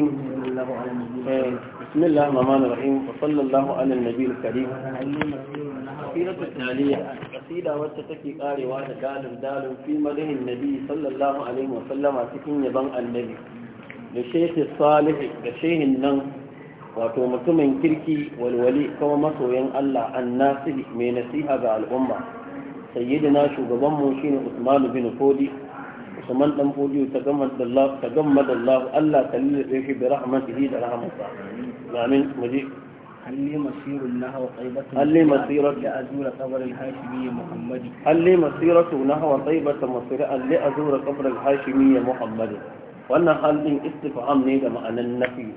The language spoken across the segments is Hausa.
بسم الله الرحمن الرحيم وصلى الله على النبي الكريم قصيدة التالية قصيدة وتتكي قاروا دال دال في مده النبي صلى الله عليه وسلم تكين يبن النبي لشيخ الصالح لشيخ النم wato mutumin kirki walwali kuma masoyan Allah annasi mai nasiha ga al'umma sayyidina shugabanmu shine Usman bin Fodi usman dan fodiyo ta gama da Allah ta gama da Allah Allah ta lillabe shi bi rahmatihi da rahmatsa amin muje هل لي مسير نحو طيبة هل لي مسيرة لأزور قبر الهاشمي محمد هل لي مسيرة نحو طيبة مسيرة لأزور قبر الهاشمي محمد wannan halin istifham ne da ma'anan nafi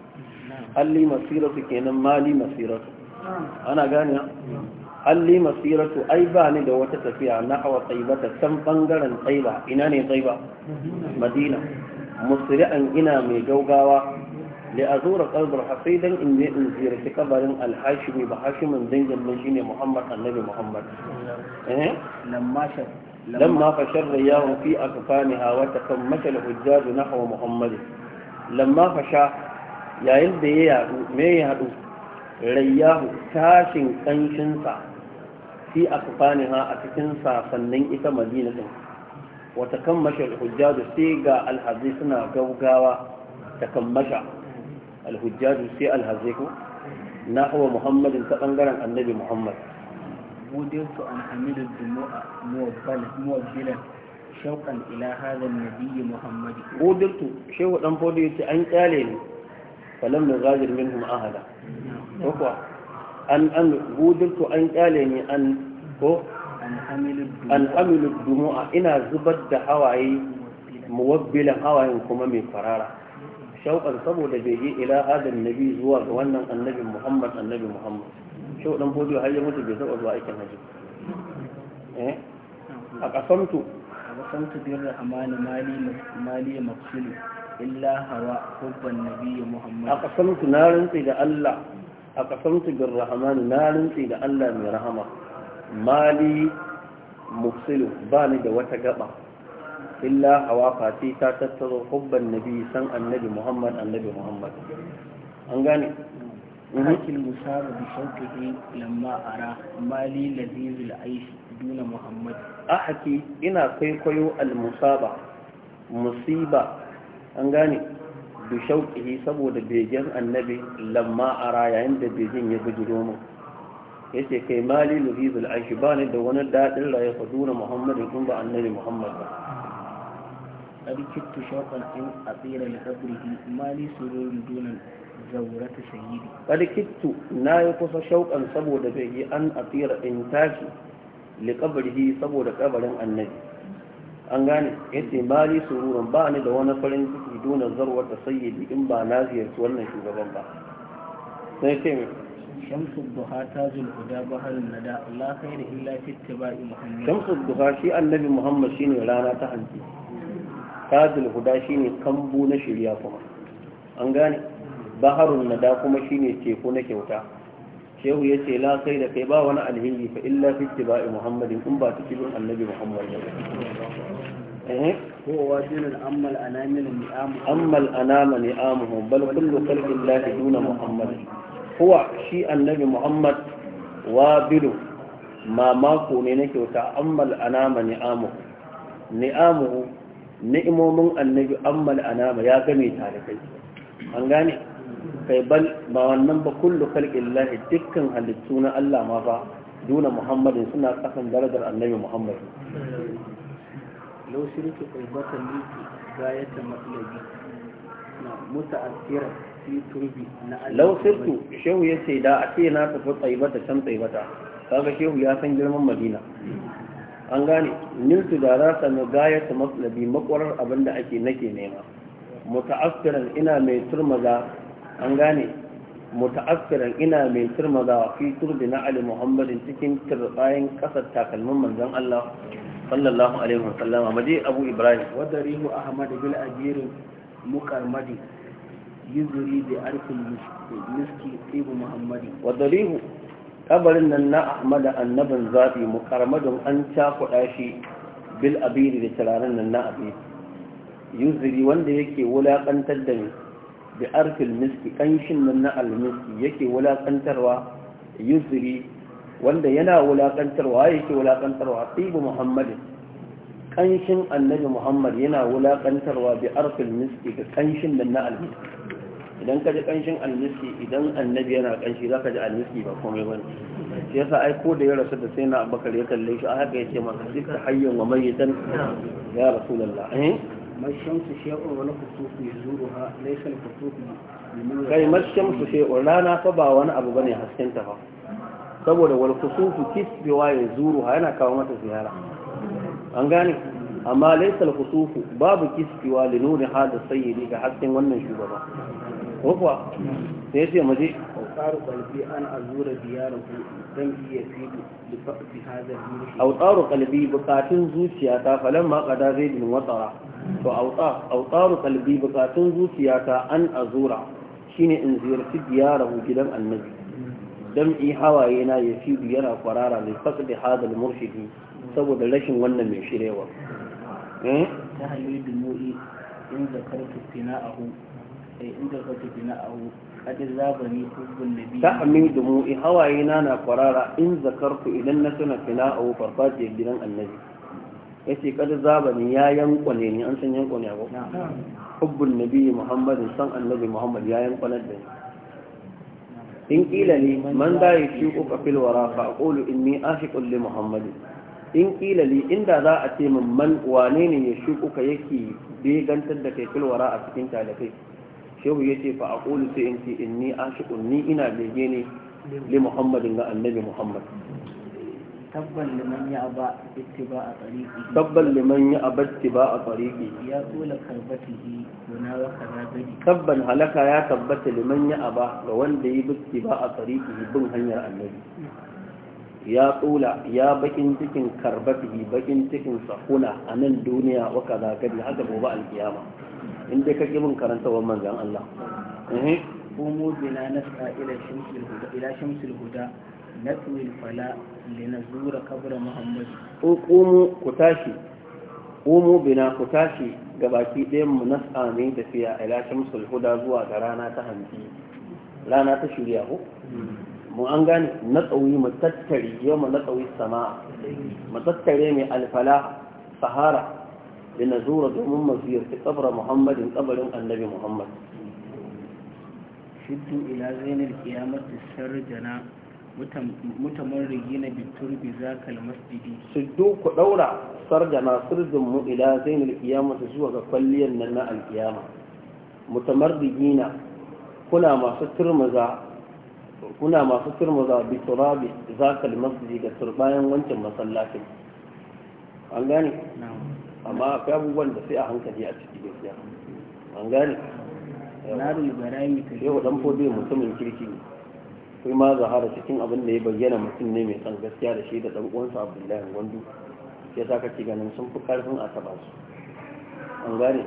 halli masiratu kenan mali masiratu ana gane alli masiratu ai ba ni da wata tafiya na hawa tsaibata can bangaren tsaiba ina ne tsaiba madina musri'an ina mai gaugawa li azura qalbul hasidan in ne in ziyarci kabarin al ba hashimin dangin mun shine muhammad annabi muhammad eh lamma shar lamma fashar riyahu fi akfaniha wa takammata al nahwa muhammad lamma fasha yayin da ya yadu me ya yadu rayyahu tashin kanshinsa fi akfaniha a cikin safannin ita madina din wata kan masha alhujjaju sai ga alhazi suna gaugawa ta kan masha alhujjaju sai alhazi ko na hawa muhammadin ta bangaren annabi muhammad budin su an hamidu jumu'a muwabbalan shauƙan ila hadha nabiyyi muhammad budurtu shehu dan fodi yace an kyale ni falam nazajir minhum ahada ko kuwa an an gudirtu an kyale ni an ko an hamilu dumu'a ina zubar da hawaye muwabbilan hawayen kuma mai farara shauƙan saboda bai yi ila adam nabi zuwa ga wannan annabi muhammad annabi muhammad shauɗan bodiyo har ya mutu bai taɓa zuwa aikin hajji eh? a ƙasamtu a ƙasamtu bin rahamani mali maksulu illa hawa hubban nabi muhammad a ƙasamtu na rantsi da allah a kasamtu bin rahman na rintsi da Allah mai rahama mali mufsilu ba ni da wata gaba illa hawa fati ta tattaro hubban nabi san annabi muhammad annabi muhammad an gane hakil musabu bi shauqihi lamma ara mali lazizul aishi duna muhammad a haki ina kwaikwayo al musaba musiba an gane bi shauƙihi saboda begen annabi lamma ara yayin da begen ya bujiro ya yace kai mali luhizul aishi ba da wani daɗin raye fa duna muhammadin tun ba annabi muhammad ba قد كدت شوقا ان اطير لقبره ما لي سرور دون زورة سيدي قد كدت نا يقص شوقا سبو دبيه ان اطير ان تاشي لقبره سبو an gane Ya ce, mali sururan ba ni da wani farin ciki dona zarwar da sayyidi in ba na ziyarci wannan shugaban ba sai ce mai shamsun duha tajul huda baharun nada la da illa ba ittiba'i muhammad shamsun duha shi annabi muhammad ne rana ta hanci tajul shi ne kambu na shirya kuma an gane baharun nada kuma shi ne teku na kyauta shehu ya ce la kai da kai ba wani alheri fa illa fi tibai muhammadin in ba cikin annabi muhammad هو وادن أما الأنام نعامهم أما بل كل خلق الله دون محمد هو شيء النبي محمد وابل ما ماكو نينك وتأما الأنام نعامه نعامه ni'imomin annabi ammal anama ya game tare kai an gane kai bal ba wannan ba kullu khalqin lahi dukkan halittu na Allah ma ba duna muhammadin suna kasan darajar annabi muhammad لو شرك قربة ليك غاية مطلبي متأثرة في تربي لو شرك شو يسي دا أتينا تفو طيبة شم طيبة kaga شو ya san girman madina an gane nilsu da za sami gayar ta matsalabi makwarar abinda ake nake nema muta'assiran ina mai turmaza an ina mai fi turbi na ali muhammadin cikin turbayin kasar takalmin manzon allah sallallahu alaihi wa sallama maje abu ibrahim wadda rihu ahmad bil ajirin mukarmadi yuzuri da arfin miski tibu muhammadi wadda rihu kabarin nan na ahmad annabin zaɓi mukarmadin an cakuɗa shi bil abiri da turaren nan na abiri yuzuri wanda yake wulaƙantar da ni da arfin miski kanshin nan na almiski yake wulaƙantarwa yuzuri wanda yana wulaƙantarwa yake wulaƙantarwa tsibu muhammadin ƙanshin annabi muhammad yana wulaƙantarwa bi arfil miski ga ƙanshin da na almiski idan ka ji ƙanshin almiski idan annabi yana ƙanshi za ka ji almiski ba komai ba ne shi yasa ai ko da ya rasu da sai na abakar ya kalle shi a haka ya ce masa duk da hayyan wa mayyitan ya rasulallah eh? mashamsu shi'un wani kusufu ya zuru ha laifin kusufu kai mashamsu shi'un rana fa ba wani abu bane haskenta ba saboda wal kusufu kisbiwa ya zuru yana kawo mata ziyara an gane amma laisal kusufu babu kisbiwa li nuri hada sayyidi ga hasken wannan shugaba ko kuwa sai ya ce maje أوطار قلبي أن أزور دياره لم يفيد لفقد هذا المرشد أوطار قلبي بقاتن زوسياتا فلما قدا زيد وطرا فأوطار أوطار قلبي بقاتن زوسياتا أن أزور dam'i hawaye na ya fi yana kwarara mai da hadal murshidi saboda rashin wannan mai shirewa eh? ta hanyoyi dumuri in zakartu fina'ahu eh, in zakartu fina'ahu kadin zabani hukun nabi ta amin dumuri hawaye na na kwarara in ku idan na tuna fina'ahu farfajiyar gidan annabi ya ce kadin zabani ya yanko ne ni an san yanko ne a yankwane ko na biyu muhammadin san annabi muhammad ya yankwanar da ni in kila manda man ya ci uka fil wara fa aqulu inni ashiqun li muhammadin in kila li inda za a ce min man wane ne ya shi uka yake begantar da kai fil wara a cikin talakai shehu yace fa aqulu sai in ce inni ni ina bege ne li muhammadin ga annabi muhammad tabban liman ya aba ittiba a tariqi tabban liman ya aba ittiba a tariqi ya tula karbatihi wana wa karabi tabban halaka ya tabbata liman ya aba ga wanda yi ba a tariqi bin hanyar annabi ya tula ya bakin cikin karbatihi bakin cikin sakuna a nan duniya wa karabi haka gobe alkiyama in dai kake bin karantawar manzon Allah eh umu bina nasa ila shamsul ila shamsul huda نتوي الفلاء لنزور قبر محمد قوموا كتاشي قوموا بنا كتاشي gabaki ɗayan mu na tsami da a ila shamsul huda zuwa ga rana ta hanci rana ta shirya ko mu an gane na tsawi mu tattare yau mu na tsawi sama mu tattare mai alfala sahara da na zura domin mu ziyarci tsabar muhammadin tsabarin annabi muhammad shiddu ila kiyamar kiyamati jana. mutamarrigi na biturbi zakal masjidi su doku daura sargana sirdin mu ila zainul su zuwa ga kwalliyar nan na alqiyama mutamarrigina kuna masu turmuza kuna masu turmaza bi turabi zakal masjidi da turbayan wancan masallacin an gane amma akwai abubuwan da sai a hankali a ciki gaskiya an gane yau dan fodiyo mutumin kirki ne sai ma zahara cikin abin da ya bayyana mutum ne mai san gaskiya da shi da dan uwansa Abdullahi Gwandu ya sa kake ganin sun fi karfin a taba su an gane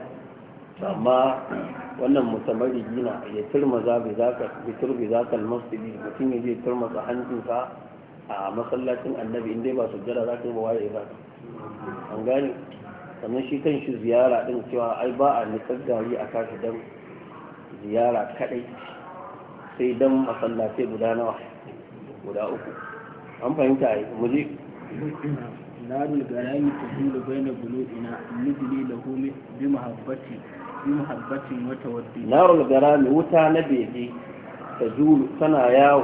amma wannan mutamari gina ya turmaza bai zaka bi turbi zaka almasjidi mutum ya je turmaza hancinsa a masallacin annabi in dai ba jira za ka yi ba waye ba an gane sannan shi kan shi ziyara din cewa ai ba a nitsar gari a kashi dan ziyara kadai sai dan masallatai guda nawa guda uku an fahimta yi muje darul garayi tahulu baina bulu'ina nidli lahu bi mahabbati bi mahabbatin wa tawaddi darul garayi wuta na beje julu tana yawo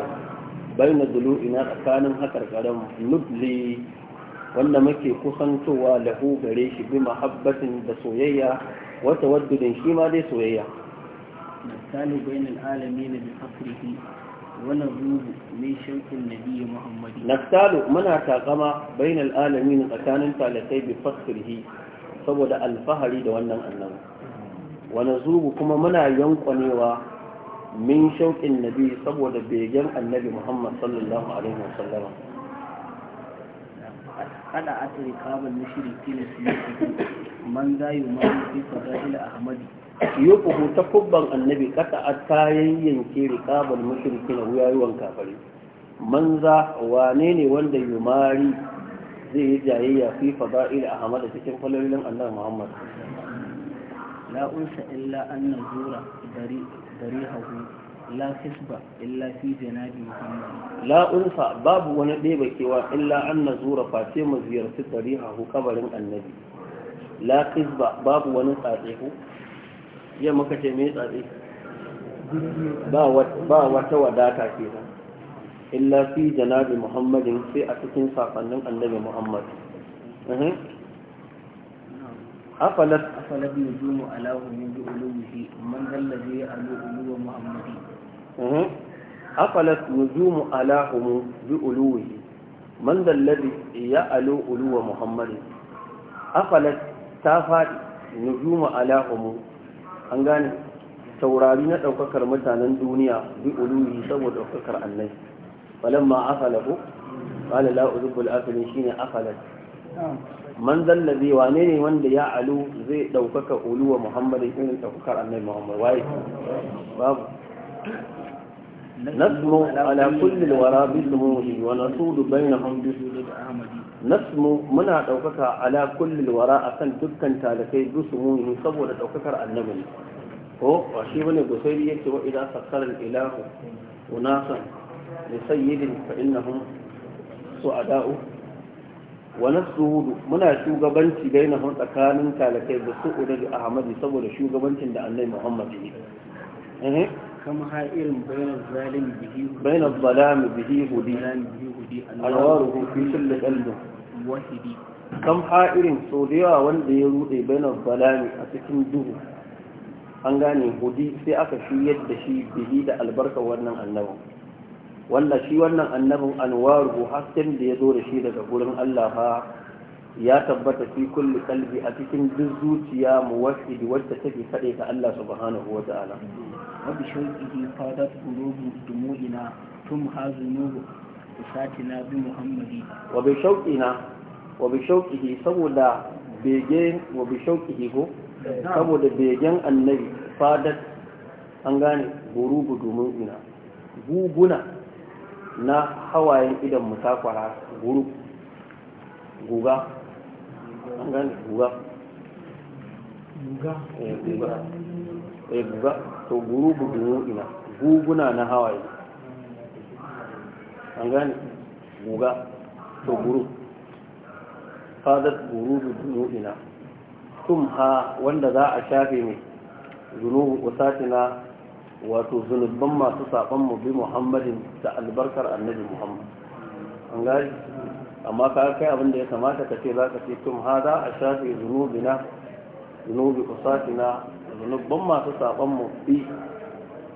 baina bulu'ina tsakanin hakar garan nidli wanda muke kusantowa lahu gare shi bi mahabbatin da soyayya wa tawaddudin shi ma dai soyayya نرتاله muna العالمين بفقره ونظنه tsakanin شوق النبي محمد نرتاله من saboda alfahari da wannan annan wani zubu kuma muna yankwanewa min shauƙin nabi saboda begen annabi muhammad sallallahu alaihi wasallama kada a tsirka ban mashirin filis man zayu ma'a fi fasa ila ahmadi yuquhu ta kubban annabi kata a kayan yanke riqabal mushrikin wuyayuwan kafari manza wane ne wanda yumari zai yi jayayya fi a hamada cikin falalin annabi muhammad la unsa illa an nazura dari hagu la hisba illa fi janabi muhammad la unsa babu wani ɗeba kewa illa an zura face mu ziyarci hagu kabarin annabi la hisba babu wani tsatsehu iya maka ce mai tsatsi ba wata wadata ke nan illa fi janabi muhammadin sai a cikin safannin annabi muhammad mhm. afalat afalat alahu ala min ulumihi man allazi alu ulu muhammadi afalat nujumu alahu mu bi ulumihi man allazi ya alu ulu muhammadi afalat ta faɗi nujumu ala hum an gane taurari na ɗaukakar mutanen duniya bi uluhi saboda ɗaukakar annai balan ma afala ko qala la uzbul afilin shine afalat man zalla zai wane ne wanda ya alu zai ɗaukaka uluwa muhammadin irin ɗaukakar annai muhammad waye babu نسمو على كل الورى بسموه ونسود بينهم بسجود أحمدي نسمو منا دوكك على كل الورى أكن دكان تالكي saboda صبر دوكك النبي ko ba shi bane gusairi yake wa idan sakarar ilahu unasan da sayyidin fa innahum su ada'u wa hudu muna shugabanci bainahum tsakanin talakai da su da ahmadi saboda shugabancin da annabi muhammad ne eh kama ha irin bainar zalim bihi bainar zalim bihi hudi alwaruhu fi kulli qalbin wahidi kam ha irin so da yawa wanda ya rude bainar zalami a cikin duhu an gane hudi sai aka shi yadda shi bihi da albarkar wannan annabin wanda shi wannan annabin anwaru hasken da ya zo da shi daga gurin Allah ya tabbata fi kulli kalbi a cikin duk zuciya muwahhid wacce take kade ta Allah subhanahu wa ta'ala wa bi shawqihi fadat qulubu dumu'ina tum hazunuhu usatina bi muhammadi wa bi shawqina wa bi shawqihi saboda bege wa bi shawqihi ko saboda begen annabi fadar an gane gurubu domin ina guguna na hawayen idan musakwara guru guga an gane guga guga eh guga eh, to gurubu domin ina guguna na hawaye an gane guga to guru fadar gurubu domin ina tumha wanda za a shafe mai zunubu usatina wato zunubban masu saban mu bi muhammadin da albarkar annabi muhammad an gari amma ka kai abinda ya kamata ka ce za ka ce tumha za a shafe zunubina zunubi usatina zunubban masu saban mu bi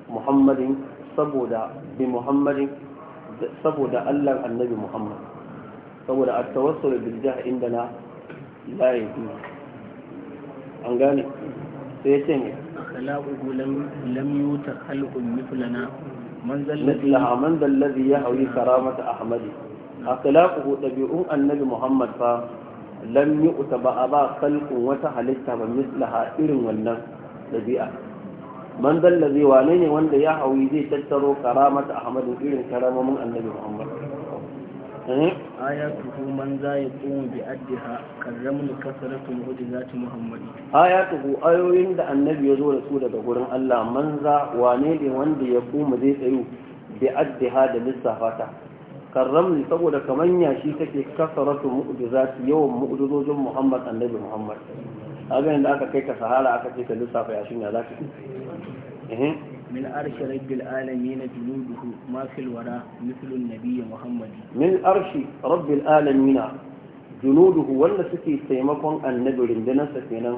muhammadin saboda bi muhammadin saboda allah annabi muhammad saboda a tawassul bil jahi indana la yajuzu an gane sai ya ce ne khalaqu lam lam yuta khalqun mithlana man zallaha man zallazi ya hawi karamata ahmadi akhlaquhu tabi'un annabi muhammad fa lam yuta ba ba khalqun wata halitta ba mithlaha irin wannan dabi'a man zallazi wane ne wanda ya hawi zai tattaro karamata ahmadin irin karamomin annabi muhammad Hmm? ayatuhu man za ya kuma bi addiha karramun kasaratu ayatuhu ayoyin da annabi ya zo da su daga gurin Allah man za wane ne wanda ya kuma zai tsayu bi addiha da lissafata karramni saboda kamar yashi take kasaratu su yawan mu'jizojin muhammad annabi muhammad a da aka kai ka sahara aka ce ka lissafa yashin ya zaka eh من أرش رب العالمين جنوده ما في الورى مثل النبي محمد من أرش رب العالمين جنوده ولا سكي سيمكم النبي لندنا سكينا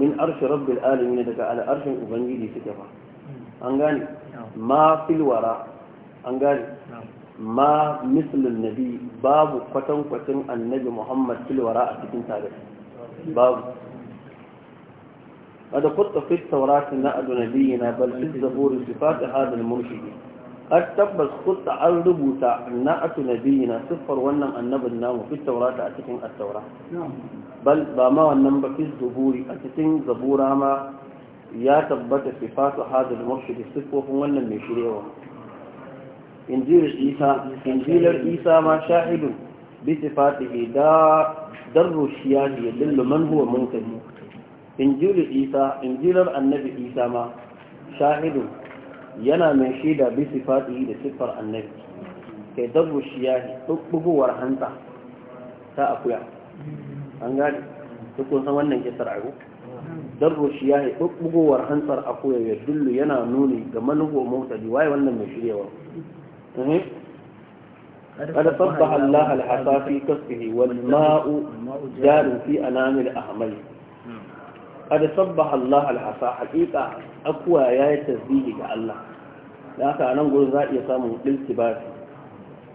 من أرش رب العالمين دقا على أرش أبنجي سكفا أنغاني ما في الورى أنغاني ما مثل النبي باب قتن قتن النبي محمد في الورى أتكين تابع باب قد خط في التوراة نأل نبينا بل في الزبور صفات هذا المرشد قد تبس خط الربوت نأت نبينا صفر ونم النبي النام في التوراة أتكين التوراة بل بما ونم في الزبور أتكين زبورا ما يا تبت صفات هذا المرشد صفوه ونم يشريه إنجيل عيسى إنجيل عيسى ما شاهد بصفاته دا در الشياه يدل من هو منتهي injilul injilar annabi isa ma shahidun yana mai shaida bi sifati da siffar annabi kai dabbu yi dubbuwar hanta ta akuya an gane duk kun san wannan kisar ayo dabbu shiyahi dubbuwar hantar akuya ya dullu yana nuni ga manugo mutadi waye wannan mai shiryawa قد صبح الله الحصى في كفه والماء جار في أنام الأحمل قد صبح الله العصا حقيقه اقوى يا تسبيح ga Allah da haka nan gurin za iya samu iltibas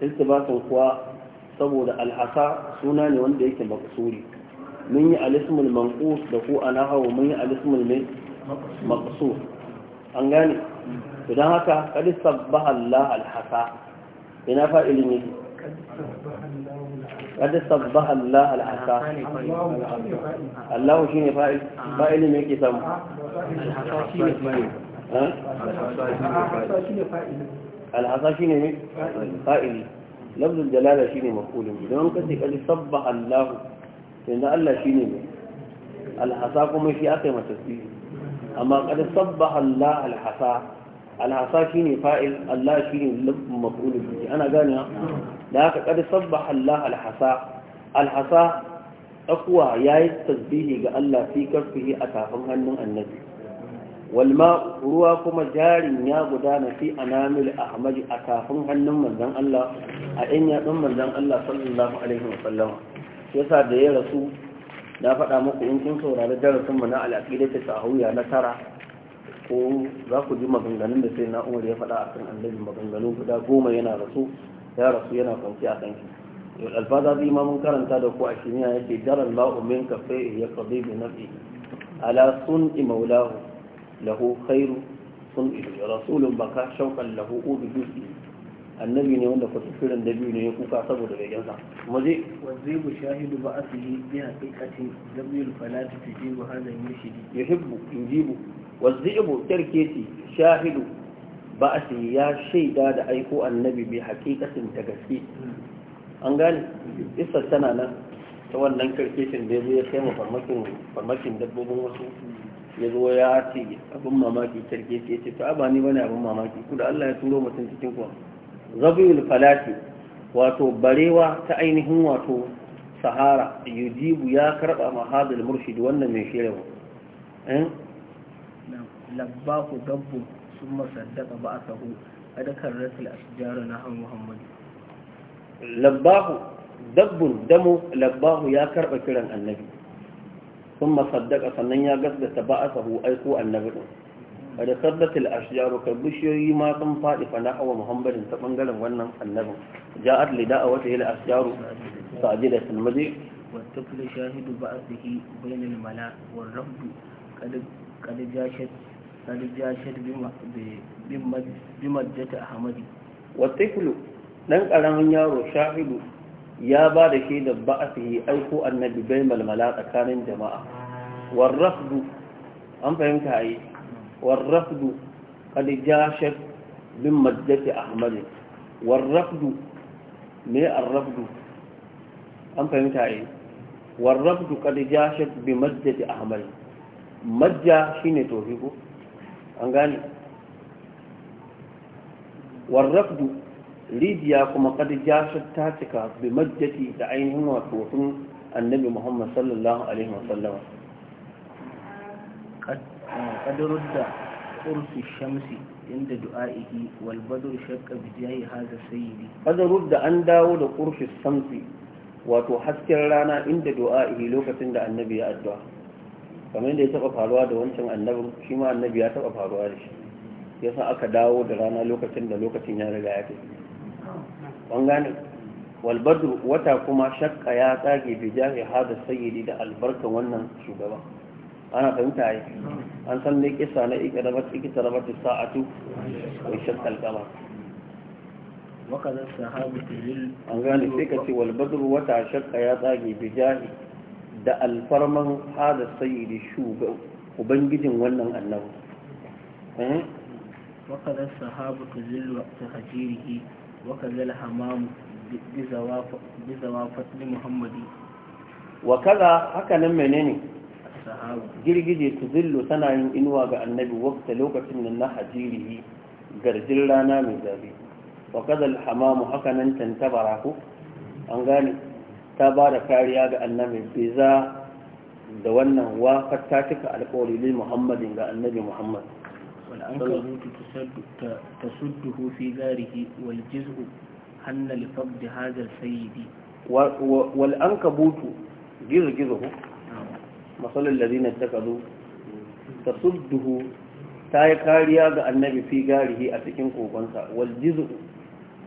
iltibas kuwa saboda al suna ne wanda yake maksuri mun yi al-ismul manqus da ku ana hawo mun yi al-ismul maqsur an gane idan haka qad sabbaha Allah al-asa ina fa'ilin ne kada sabba Allah al'aka Allahu shine fa'il fa'il ne yake samu al'aka shine fa'il lafzul jalala shine maqulun idan ka kada sabba Allah to inda kuma shi aka yi masa amma kada sabba Allah al'aka alhasa shine fa'il Allah shine maf'ul bihi ana gane da haka kad sabba Allah alhasa alhasa ya yayi tasbihi ga Allah fi karfihi a tafin hannun annabi walma ruwa kuma jarin ya gudana fi anamil ahmad a tafin hannun manzon Allah a ɗan yatsun manzon Allah sallallahu alaihi wa sallama yasa da ya rasu na faɗa muku in kin saurari darasin mu na ta sahawiyya na tara ko za ku ji maganganun da sai na umar ya faɗa akan annabi maganganu guda goma yana rasu ya rasu yana kwanci a kanki alfaza zai ma mun karanta da ku a kimiyya yake jaran la'u ka kafe ya kabe bi nafi ala sun imaulahu lahu khairu sun ilu rasulun baka shaukan lahu ubi jufi annabi ne wanda kwatafirin da biyu ne ya kuka saboda begensa maje wazibu shahidu ba a bi haƙiƙatin zabi falati fi jibu hazan yashidi yuhibbu yujibu والذئب تركيتي شاهد بأسي يا شيدا دا أيكو النبي بحقيقة تكسي أنقال إسا ta wannan سوان da كيشن بيزو يخيم فرمكن farmakin دبوبون وسو ya zo ya ce abin mamaki sarki ya ce ta ba bane abin mamaki ku da Allah ya turo mutum cikin ku zabiyul falati wato barewa ta ainihin wato sahara yujibu ya karba mahadul murshid wannan mai shirewa labbahu dabbu sun masaddaka ba a sahu a dakar rasul asijara na han muhammadu labbahu dabbun damo labbahu ya karba kiran annabi sun masaddaka sannan ya gasgata ba a sahu aiko annabi ɗin a da saddatil ashiyaru kai bishiyoyi ma sun faɗi fana hawa muhammadin ta bangaren wannan annabin ja'ad lida a wata yila ashiyaru kula shahidu والطفل شاهد بعثه بين الملا والرب قد قد جاشت الجاشر بمجة أحمد والطفل ننقل ya ba da shi da ba'asihi aiko annabi bai malmala tsakanin jama'a warrafdu an fahimta a yi warrafdu an fahimta a yi majja shine tofi an gane warrafdu kuma kada jasar ta cika bi majjati da ainihin wato annabi muhammad sallallahu alaihi wasallama قدر قرص الشمس عند دعائه والبدر شك بجاه هذا سيدي قدر أن داود قرص الشمس وتحسكر kamar da ya taba faruwa da wancan annabin shi ma annabi ya taba faruwa da shi yasa aka dawo da rana lokacin da lokacin ya riga ya tafi an gane walbadu wata kuma shakka ya tsage bi jahi hada sayyidi da albarkan wannan shugaba ana fahimta yi an san ne kisa na ikirabar ikirabar ta sa'atu wa shakka alkama an gane sai ka ce walbadu wata shakka ya tsage bi jahi da alfarman hada sayyidi shugaban ubangijin wannan annabi وقد الصحابة ذل تهجيره وكذا الحمام بزوافة محمد وكذا haka nan menene girgije su zillu tana yin inuwa ga annabi wakta lokacin nan na hajirihi garjin rana mai zafi wa kadal hamamu tantabara ko an gane ta ba da kariya ga annabin fiza da wannan wafar ta cika alkawari lil muhammadin ga annabi muhammad والعنكبوت تسده في داره والجزء حن لفقد هذا السيد والعنكبوت جزجزه مثل الذين اتخذوا تسده ta yi kariya ga annabi fi garihi a cikin kogonsa waljizu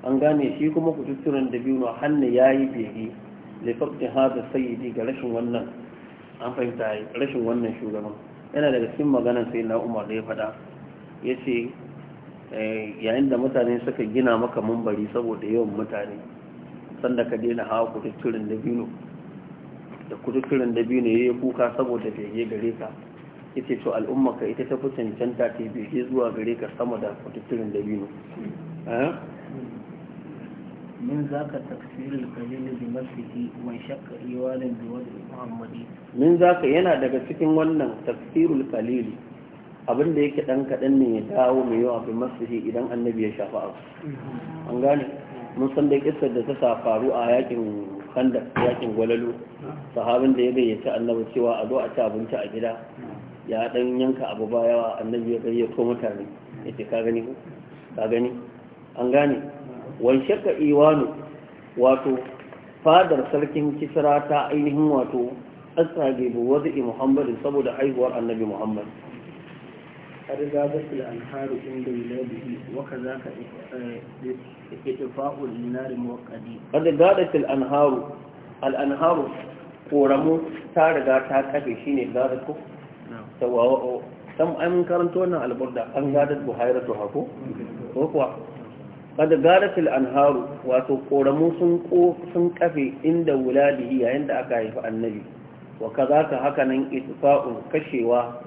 an gane shi kuma kututturan da biyu na hannu ya yi bege lifakti haza sayyidi ga rashin wannan an fahimta rashin wannan shugaban yana daga cikin maganar sai na umar da ya fada ya ce yayin da mutane suka gina maka mambari saboda yawan mutane sanda ka daina hawa kututturin dabino da kututturin dabino ya yi kuka saboda bege gare ka ce to al'umma ka ita ta fi cancanta ta bege zuwa gare ka sama da kututturin dabino ذاك تكسير القليل بنفسه وانشق إيوان بوضع محمدي من ذاك ينا daga cikin wannan tafsirul qalil abin da yake dan kadan ne ya dawo mai yawa bi masihi idan annabi ya shafa abu an gane mun san da kissar da ta faru a yakin kanda yakin gwalalo sahabin da ya gayyaci annabi cewa a zo a ci abinci a gida ya dan yanka abu baya annabi ya gayyato mutane yace ka gani ka gani an gane wai shakka iwanu wato fadar sarkin kisra ta ainihin wato asage bu wazi muhammadin saboda haihuwar annabi muhammad قد غابت الأنهار عند ولاده وكذاك إطفاء النار موقدي قد غابت الأنهار الأنهار ƙoramu ta riga ta kafe shi ne gada ko? Oh, oh, sam an karanta wannan alburda an gada buhari to hako? ko kuwa kada garatul anharu wato koramu sun ko sun kafe inda wuladihi yayin da aka haifi annabi wa kazaka haka nan itfa'un kashewa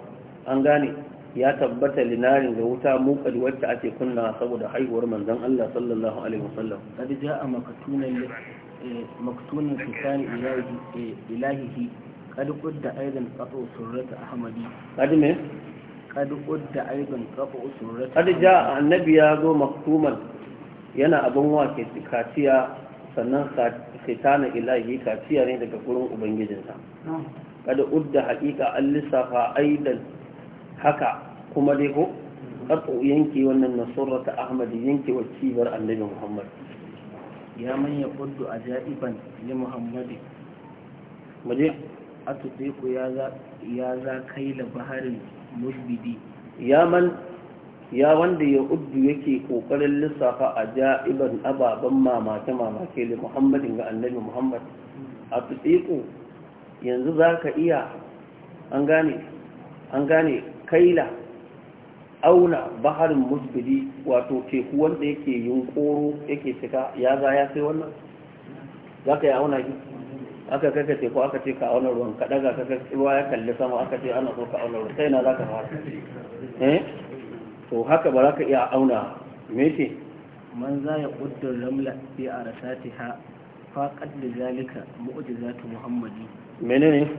an gane ya tabbatar linarin ga wuta muƙad wacce ake kunna saboda haihuwar manzon Allah sallallahu alaihi wasallam kad ja'a maktunan annabi ya zo maktuman yana abin wake kaciya sannan khitana ilahi kaciya ne daga gurin ubangijinsa kada udda haƙiƙa an lissafa aidan haka kuma dai ko ƙarfi mm-hmm. yanki wannan nasurra ta ahmad yanki wa cibar annabi muhammad ya manya kudu a ja'iban li muhammadi maje a tuɗe ya za kai la mulbidi ya man ya wanda ya uddu yake kokarin lissafa a ja'iban ababen mamake mamake da muhammadin ga annabi muhammad a fitiku yanzu za ka iya an gane an gane kaila auna baharin musbili wato teku wanda yake yin koro, yake cika ya za ya sai wannan za ka yi auna shi aka kaka teku aka ce ka auna ruwan ka daga kaka ruwa ya kalli sama aka ce ana so ka auna ruwan sai na za ka fara eh to haka ba za ka iya auna me ce man za ya ƙudur ramla fi a rasati ha faƙad da zalika mu'ujizatu muhammadi menene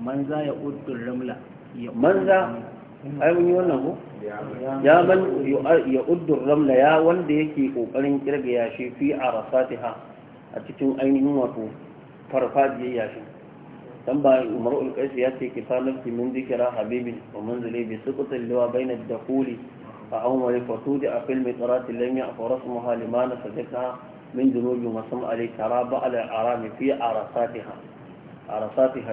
man za ya ƙudur ramla man za ai mun yi wannan ko ya man ya ƙudur ramla ya wanda yake ƙoƙarin kirga yashi fi a rasati ha a cikin ainihin wato farfajiyar yashin dan ba umaru al ya ce kifalan fi min a habibin wa manzili bi suqut al-liwa bayna ad-dukhuli fa awma fatudi a fil a lam ya'far ismuha na sadaka min dunubi wa sam alai taraba ala arami fi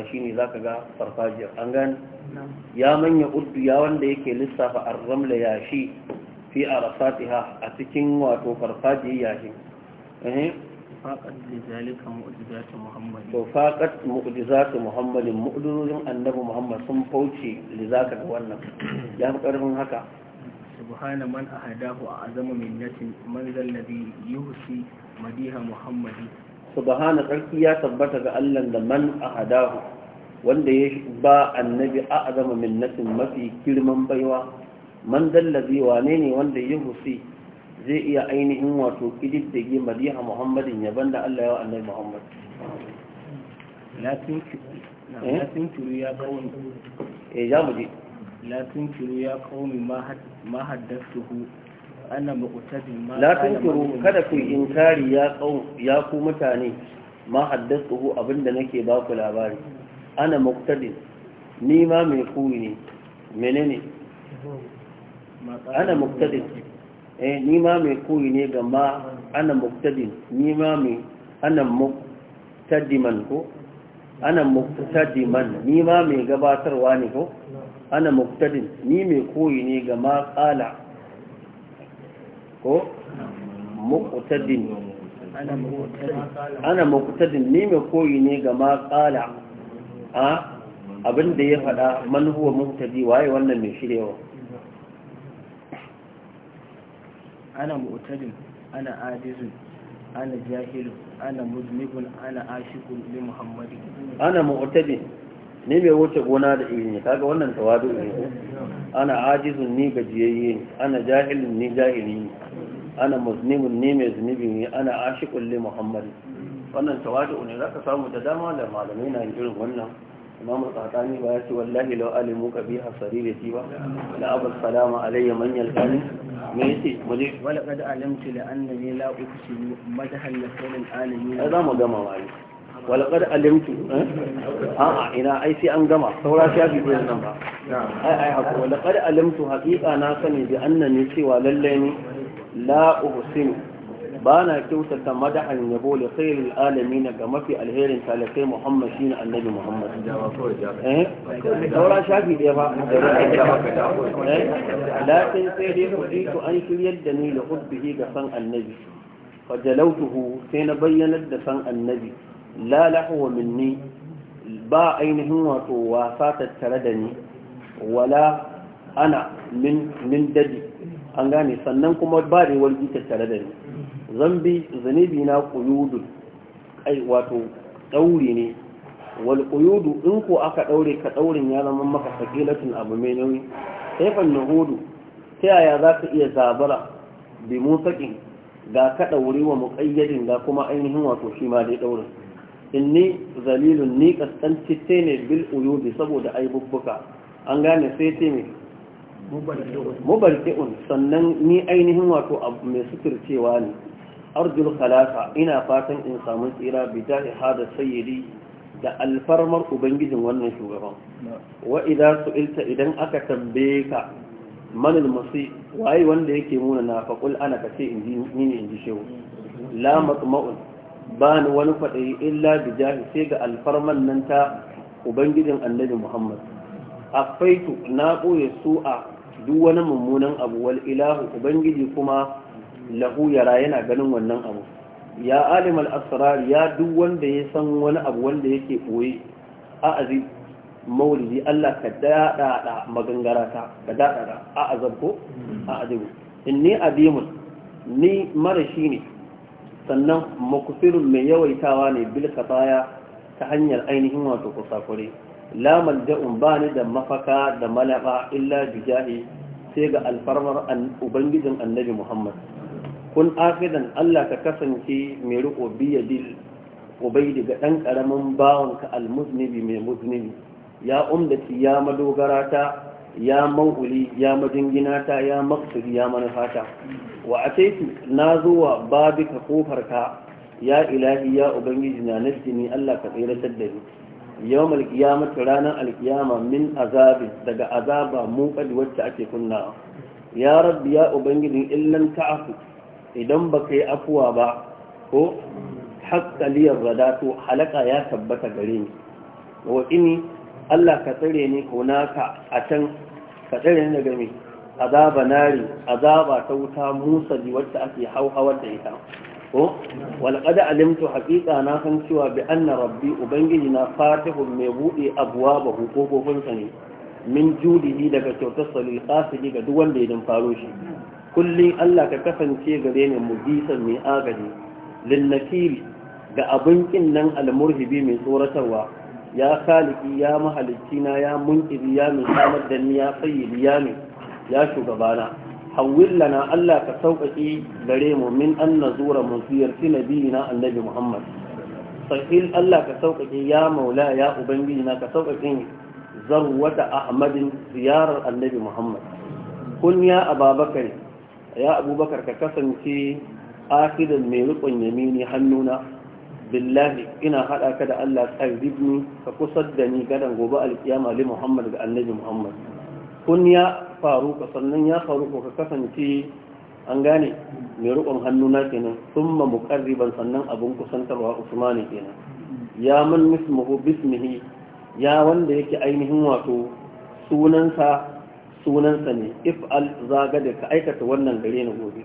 shi ne za ka ga farfajiyar an gane ya manya uddu ya wanda yake lissafa ar-ramla yashi fi a arasatiha a cikin wato farfajiyar yashi ففاقت لذلك معجزات محمد ففاقت معجزات محمد معجزات النبي sun fauce lizaka da wannan ya fi karfin haka subhana man ahadahu a azama minnatin man zalladhi yuhsi madiha muhammadi subhana sarki ya tabbata ga Allah da man ahadahu wanda ya ba annabi a azama minnatin mafi girman baiwa man zalladhi wane ne wanda zai iya ainihin wato kididdige madiha muhammadin yaban da Allah ya wa annabi muhammad latin turu eh? ya kawai eh za mu je la ya ma haddastuhu ana muqtadin ma la turu, kada ku inkari ya ya ku mutane ma hu abinda nake ba ku labari ana muqtadin ni ma mai kuni ne menene ana muqtadin Eh, ni ma mai koyi ne ga ma ana muktadin ni ma mai ana muktadiman ko ana muktadiman ni ma mai gabatarwa ne ko ana muktadin ni mai koyi ne ga ma kala ko muktadin ana muktadin ni mai koyi ne ga ma kala a ah, abinda ya faɗa manuwa muktadi waye wannan mai shirewa ana mu'tadin ana ajizun ana jahilin, ana muzmibun ana ashikun li muhammadi ana mu'tadin ni mai wuce gona da iri ne kaga wannan tawadu ne ana ajizun ni gajiyayye ne ana jahilun ni jahili ne ana muznimun ni mai zunubi ne ana ashikun li muhammadi wannan tawadu ne zaka samu da dama da malamai na irin wannan imamu tsakani ba ya ce wallahi lau alimu kabi hasari da ba la'abar salama alayya manyan yalkani me yace muje wala qad alimtu la annani la uksilu madhal lakal alamin ai za mu gama wai wala qad alimtu eh? a a ina ai sai an gama saura shafi ko nan ba ai ai hako wala qad alimtu haƙiƙa na sani bi annani cewa lallai ni la uksilu ba na kyautata madahan yabo da khairul alami na ga mafi alherin talakai muhammad shi na annabi muhammad eh? saura shafi ɗaya ba eh? lakin sai dai kuɗi to an shiryar da ni da ga san annabi fajalautuhu sai na bayyanar da san annabi la lahwa minni ba ainihin wato wasa tattare da ni wala ana min min dadi an gane sannan kuma ba da wargi tare da ni zambi zanibi na kuyudu ai wato dauri ne wal kuyudu in ko aka daure ka daurin ya zama maka sakilatun abu mai nauyi kaifan hudu ta yaya za ka iya zabara bi mutsakin ga ka daure wa muƙayyadin ga kuma ainihin wato shi ma dai daurin inni zalilun ni kaskantacce ne bil uyubi saboda ai aibubbuka an gane sai ce mubarti'un sannan ni ainihin wato abu mai cewa ne arjul khalafa ina fatan in samu tsira bi da'i hada sayyidi da alfarmar ubangijin wannan shugaban wa idza su'ilta idan aka tambaye ka al masi waye wanda yake muna na faqul ana kace inji ni ne inji shehu la matma'un ba wani fadi illa bi sai ga alfarman nan ta ubangijin annabi muhammad afaitu na ɓoye a. duk wani mummunan abu wal ilahu ubangiji kuma lahu yara yana ganin wannan abu ya alim asrar ya duk wanda ya san wani abu wanda yake koyi a azi maulidi Allah ka dada da magangarata ka dada da a azabko hmm. a azibu inni adimun ni marashi ne sannan makusirun mai yawaitawa ne bil ta hanyar ainihin wato kusakure la malja'un ba ni da mafaka da malaba illa bijahi sai ga alfarmar ubangijin annabi muhammad kun afidan allah ka kasance mai riko biya dil ubaidi ga ɗan ƙaramin bawanka almuznibi mai muznibi ya umdaci ya madogara ta ya mauli ya majingina ta ya maksudi ya manufata wa a na zuwa babika kofarka ya ilahi ya ubangiji na nasini allah ka tsiratar da ni yawm alqiyamah ranar alkiyama min azabi daga azaba muqad wacce ake kunnawa ya rabbi ya ubangiji illan ta'fu idan baka yi afuwa ba ko hatta rada to halaka ya tabbata gare ni wa ini Allah ka tsare ni hunaka a can ka tsare ni daga me azaba nari azaba ta wuta musa wacce ake hauhawar da ita ko walƙad alimtu haƙiƙa na san cewa bi anna rabbi ubangiji na fatihun mai buɗe abuwa ba hukukofinsa ne min judihi daga kyautar salil qasidi ga duk wanda ya dan faro shi kullum Allah ka kasance gare ni mujisan mai agaji lin ga abin ƙin nan almurhibi mai tsoratarwa ya kaliki ya mahalicci na ya munkiri ya mai samar da ni ya sayyibi ya mai ya shugabana hawwil lana Allah ka sauƙaƙe gare mu min an zura mu ziyarci nabiyina annabi Muhammad sahil Allah ka sauƙaƙe ya maula ya ubangiji na ka sauƙaƙe zarwata ahmadin ziyarar annabi Muhammad kun ya ababakar ya abubakar ka kasance akidan mai riƙon yamini hannuna billahi ina haɗa ka da Allah tsarribni ka kusa da ni gadan gobe alkiyama li Muhammad ga annabi Muhammad kun ya faru ka sannan ya faru ko ka kasance an gane mai rukun na kenan sun ma mukarriban sannan abin kusantarwa usmani kenan ya man mismuhu bismihi ya wanda yake ainihin wato sunansa sunansa ne if al da ka aikata wannan gare na gobe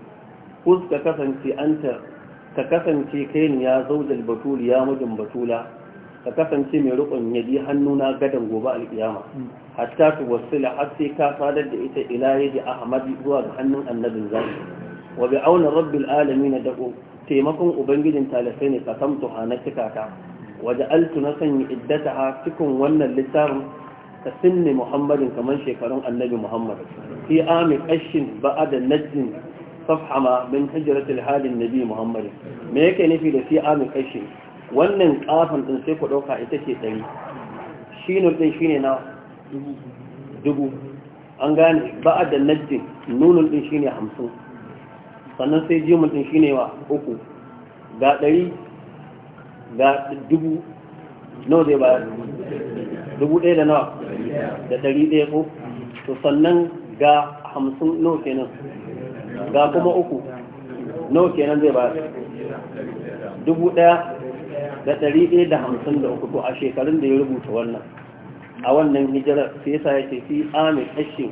kus ka kasance anta ka kasance kai ne ya zaujal batuli ya mujin batula ka kasance mai rukun yadi hannuna gadan gobe alkiyama hatta tu wasu har sai ka sadar da ita ila yadi ahmadi zuwa ga hannun annabin zai wa bi auna rabbil alamin da taimakon ubangijin talafai ne ka samtu hana cika waje altu na sanya iddata ha cikin wannan littafin ta sinne muhammadin kamar shekarun annabi muhammad fi ami kashin ba'ada najin safhama min hijratil hadin nabi muhammadin me yake nufi da fi amin ashin? wannan kafin ɗin sai ku ɗauka ita ce ɗari shinun shi ne na dubu an gane ba a da najjin nunun ɗin shi ne hamsin sannan sai jimin ɗin ne wa uku ga ɗari ga dubu nawa zai ba dubu ɗaya da nawa da ɗari ɗaya ko to sannan ga hamsin nawa kenan ga kuma uku nawa kenan zai ba dubu ɗaya da ɗari ɗaya da hamsin da uku a shekarun da ya rubuta wannan a wannan hijirar sai yasa ya ce fi amin ashin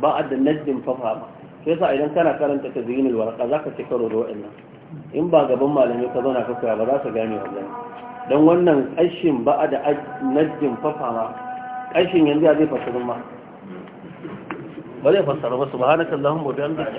ba a da najdin fafa ba sai yasa idan kana karanta ta zini warka za ka ci karo da waɗannan in ba gaban malamai ka zauna ka koya ba za su gane wannan don wannan ashin ba a da najdin fafa ma ashin yanzu ya zai fasirin ma ba zai fasara ba su ba hana subhanaka allahumma wa bihamdika